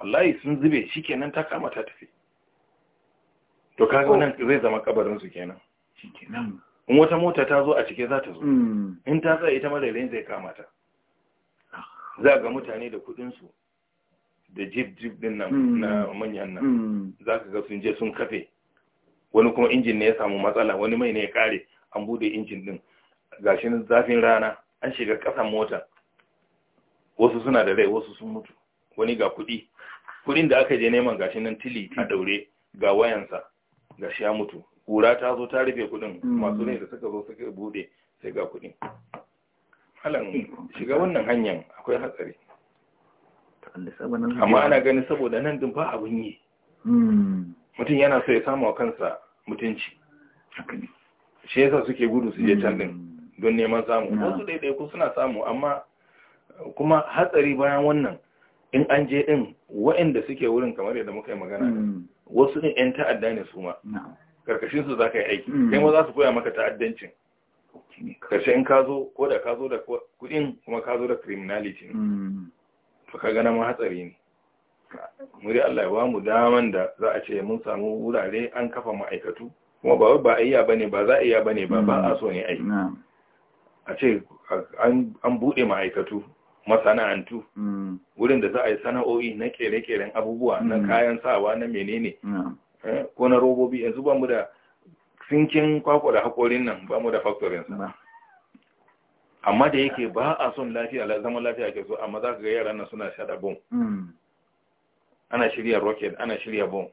wallahi sun zube shikenan ta kama ta tafi to kaga wannan zai zama kabarin su kenan in wata mota ta zo a cike za ta zo hmm. in ta tsaya ita madalin zai kama ta ah. za ga mutane da kudin su da jeep jeep din nan hmm. na manyan nan hmm. za ka ga sun je sun kafe wani kuma injin ne ya samu matsala wani mai ne ya kare an bude injin din gashin zafin rana an shiga ƙasan motar wasu suna da rai wasu sun mutu wani ga kuɗi kuɗin da aka je neman gashin nan tili a daure ga wayansa ga shi ya mutu kura ta zo ta rufe kuɗin hmm. masu ne da suka zo suka bude sai ga kuɗi halan hmm. shiga wannan hanyar akwai hatsari amma ana gani saboda nan din ba abin yi hmm. mutum yana so ya samu kansa mutunci shi yasa suke gudu su je can din don neman samu mm. wasu ɗaiɗaiku suna samu amma kuma hatsari bayan wannan in an je ɗin waɗanda suke wurin kamar yadda muka yi magana mm. wasu ne 'yan ta'adda ne su ma karkashin su za ka yi aiki mm. kai ma za su koya maka ta'addancin karshe in ka zo ko da ka zo da kuɗin kuma ka zo da criminality ne to ka gana ma hatsari ne muri Allah ya ba mu daman da za a ce mun samu wurare an kafa ma'aikatu kuma ba ba iya bane ba za a iya bane ba ba a so ne ai a ce an buɗe ma'aikatu masana'antu mm. wurin da za a yi sana'o'i na kere-keren abubuwa na mm. kayan sawa na menene mm. eh, ko na robobi yanzu ba mu da sinkin kwakwa da haƙorin nan ba mu da faktorinsa amma da yake ba a son lafiya zaman lafiya ke so amma za ka ga yaran nan suna shaɗa bom ana shirya rocket ana shirya bom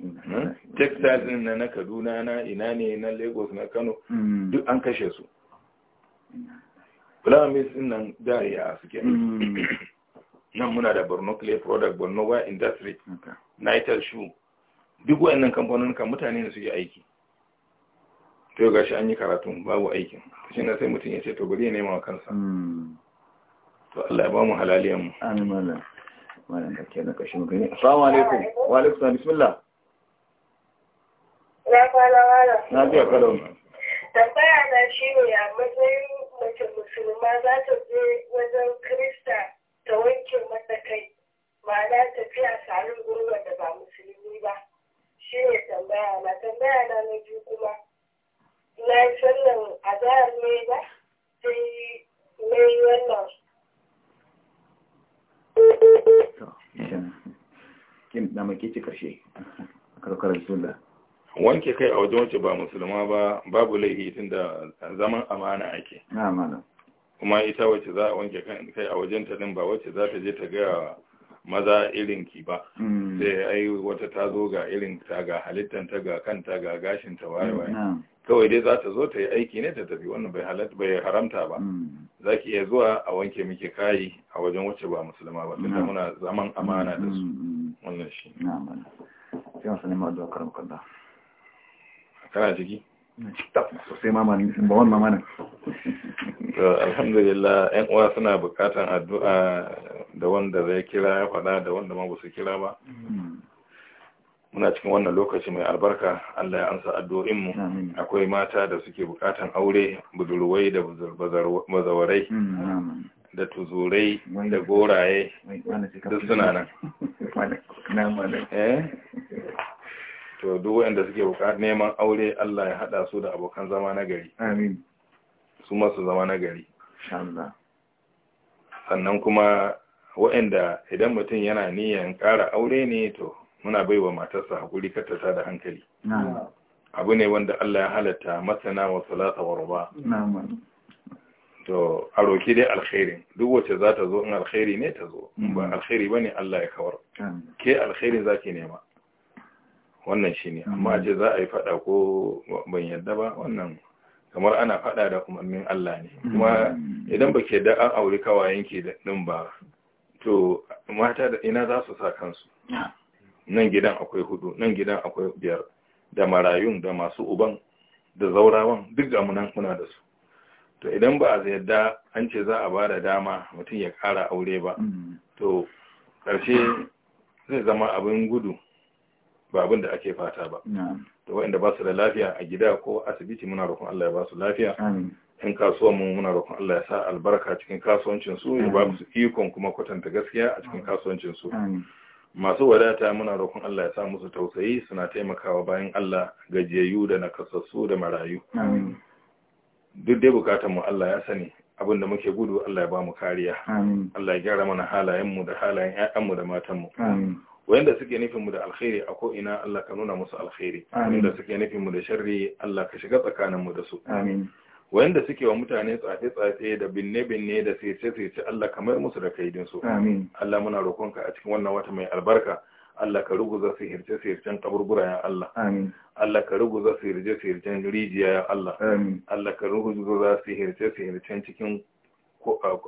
Mhm. Eh, texas din na na kaduna na ina ne na lagos na kano mm. duk an kashe su mai din nan ya suke mm. (clears throat) nan muna da borno clay product borno wire industry nitel shoe duk wayannan kamfanin kan mutane ne suke aiki to ga shi an yi karatu babu aikin shi na sai mutum ya ce to gari ya nema kansa mm. to Allah ya ba mu halaliyan mu amin malam malam da ke na kashi mu gani assalamu alaikum wa alaikum bismillah Na kwana wala. Na biya Tambaya na shi ne a matsayin mace musulma za ta je wajen Krista ta wanke mata kai. Ma'ana tafiya salon gurin da ba musulmi ba. Shi ne tambaya na. Tambaya na na biyu kuma. Na yi sallan azahar ne ba. Sai na yi wannan. Kim na mai kici karshe. (laughs) Karkar sula. wanke kai a wajen wacce ba musulma ba babu laifi tunda zaman amana ake kuma ita wacce za a wanke kai a wajen ta din ba wacce za ta je ta ga maza irin ki ba hmm. sai ai wata ta zo ga irin ta ga halittan ta ga kanta ga gashin ta waye waye hmm, kawai dai za ta zo ta yi aiki ne ta tafi wannan bai halatta bai haramta ba hmm. za ki iya zuwa a wanke miki kayi a wajen wacce ba musulma ba tunda muna zaman amana da su wannan shi na'am sanin ma'adu a karam da. kana ciki sosai mamanin ba mamanin alhamdulillah yan uwa suna bukatan addu'a da wanda zai kira ya faɗa da wanda ma su kira ba muna cikin wannan lokaci mai albarka Allah ya ansa mu akwai mata da suke bukatan aure budurwai da bazawarai da tuzurai da goraye duk suna nan (laughs) eh? to duk wanda suke buƙatar neman aure Allah ya hada su da abokan zama na gari amin su masu zama na gari sannan kuma waɗanda idan mutum yana niyan ƙara aure ne to muna baiwa matarsa haƙuri kattata da hankali abu ne wanda Allah ya halatta masana wa salata wa ruba to a roki dai alkhairin duk wacce za ta zo in alkhairi ne ta zo in ba mm. alkhairi ba ne Allah ya kawar ke alkhairi za ki nema wannan shi ne amma ce hmm. za a yi fada ko ban yadda ba wannan kamar ana fada da umarnin Allah ne kuma hmm. idan ba ke da an auri kawayen ke din ba to mata da ina za su sa kansu ah. nan gidan akwai hudu nan gidan akwai biyar da marayun da masu uban da zaurawan duk ga munan kuna da su to idan ba a yadda an ce za a ba da dama mutum ya kara aure ba hmm. to ƙarshe zai zama abin gudu ba abin da ake fata ba da waɗanda ba su da lafiya a gida ko asibiti muna roƙon Allah ya ba su lafiya in kasuwan mu muna roƙon Allah ya sa albarka cikin kasuwancin su ya ba su ikon kuma kwatanta gaskiya a cikin kasuwancin su masu wadata muna roƙon Allah ya sa musu tausayi suna taimakawa bayan Allah gajiyayyu da nakasassu da marayu duk dai bukatan mu Allah ya sani abin da muke gudu Allah ya ba mu kariya Allah ya gyara mana halayen mu da halayen 'ya'yanmu mu da matan mu wanda suke nufin mu da alkhairi a ko ina Allah ka nuna musu alkhairi wanda suke nufin mu da sharri Allah ka shiga tsakanin mu da su amin wanda suke wa mutane tsafe-tsafe da binne-binne da sai sece Allah ka mai musu da kaidin su amin Allah muna ka a cikin wannan wata mai albarka Allah ka ruguza sihirce hircen kaburbura ya Allah. Amin. Allah ka ruguza sihirce hircen rijiya ya Allah. Amin. Allah ka ruguza sihirce hircen cikin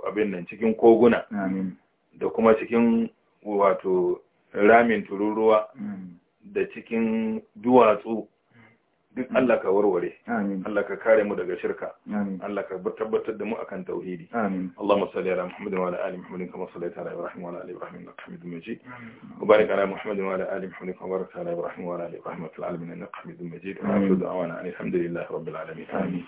abin nan cikin koguna. Amin. Da kuma cikin wato ramin tururuwa mm. da cikin duwatsu duk mm. Allah ka warware Allah ka kare mu daga shirka Allah ka tabbatar da mu akan tauhidi Allahumma salli ala Muhammad wa ala ali Muhammad kama sallaita ala Ibrahim wa ala ali Ibrahim innaka Hamidum Majid mubarak ala Muhammad wa ala ali Muhammad kama barakta ala Ibrahim wa ala ali Ibrahim fil alamin innaka Hamidum Majid wa akhir da'wana alhamdulillahi rabbil alamin amin